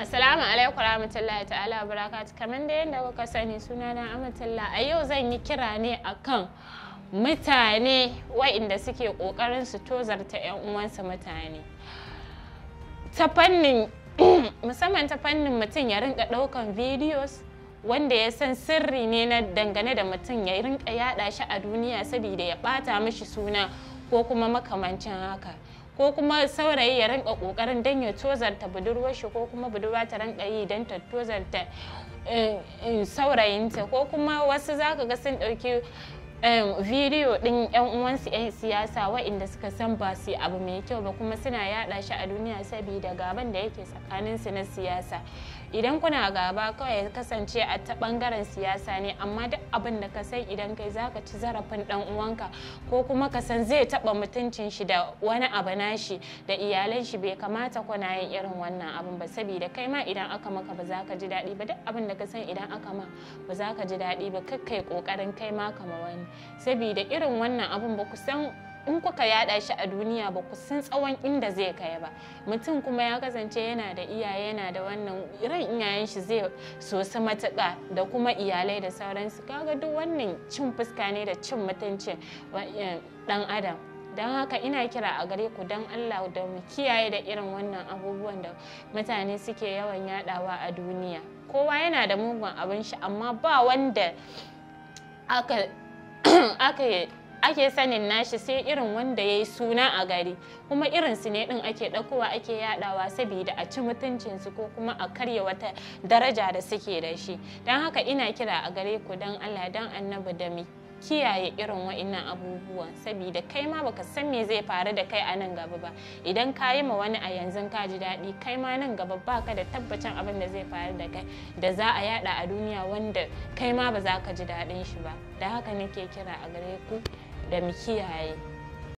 Assalamu alaikum rahmatullahi ta'ala barakatuh kamar da yadda kuka sani suna na amatalla a yau zan yi kira ne akan mutane wa'inda suke kokarin su tozarta 'yan uwansa mutane ta fannin musamman ta fannin mutum ya rinka daukan videos wanda ya san sirri ne na dangane da mutum ya rinka yada shi a duniya saboda ya bata mishi suna ko kuma makamancin haka ko kuma saurayi ya rinka kokarin don ya tozarta budurwar shi ko kuma budurwa ta rinka yi don ta tozarta eh, eh, saurayinta ko kuma wasu zaka ga sun ɗauki vidiyo eh, din yan uwansu yan siyasa waɗanda suka san ba su abu mai kyau ba kuma suna yaɗa shi a duniya saboda gaban da yake tsakaninsu na siyasa idan kuna gaba kawai ya kasance a ta bangaren siyasa ne amma duk abin da ka san idan kai zaka ci zarafin dan uwanka ko kuma ka san zai taba mutuncin shi da wani abu nashi da iyalan shi bai kamata kuna yin irin wannan abin ba saboda kai ma idan aka maka ba za ka ji daɗi ba duk abin da ka san idan aka ma ba za ka ji daɗi ba kakkai kokarin kai ma kama wani saboda irin wannan abin ba ku san in kuka yada shi a duniya ba ku san tsawon inda zai kai ba mutum kuma ya kasance yana da iyaye yana da wannan ran iyayen shi zai su matuƙa da kuma iyalai da sauransu kaga duk wannan cin fuska ne da cin mutunci dan adam don haka ina kira a gare ku don allah da mu kiyaye da irin wannan abubuwan da mutane suke yawan yadawa a duniya kowa yana da mugun abin shi amma ba wanda aka ake sanin nashi sai irin wanda ya yi suna a gari kuma irin su ne din ake ɗaukowa ake yaɗawa saboda a ci mutuncinsu ko kuma a karya wata daraja da suke da shi don haka ina kira a gare ku don allah don annabi da mu kiyaye irin wa'innan abubuwa saboda kai ma baka san me zai faru da kai a nan gaba ba idan ka yi ma wani a yanzu ka ji daɗi kai ma nan gaba baka da tabbacin abin da zai faru da kai da za a yada a duniya wanda kai ma ba za ka ji daɗin shi ba da haka nake kira a gare ku ดมิเชียย